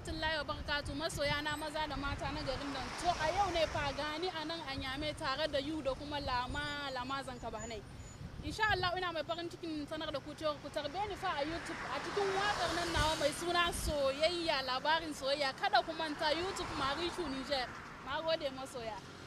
rahmatullahi wa barakatu masoya na maza da mata na garin nan to a yau ne fagani a nan a nyame tare da yu da kuma lama lama zanka banai insha Allah ina mai farin cikin sanar da ku cewa ku tarbe ni fa a YouTube a cikin wakar nan nawa mai suna soyayya labarin soyayya kada ku manta YouTube Marishu Niger magode masoya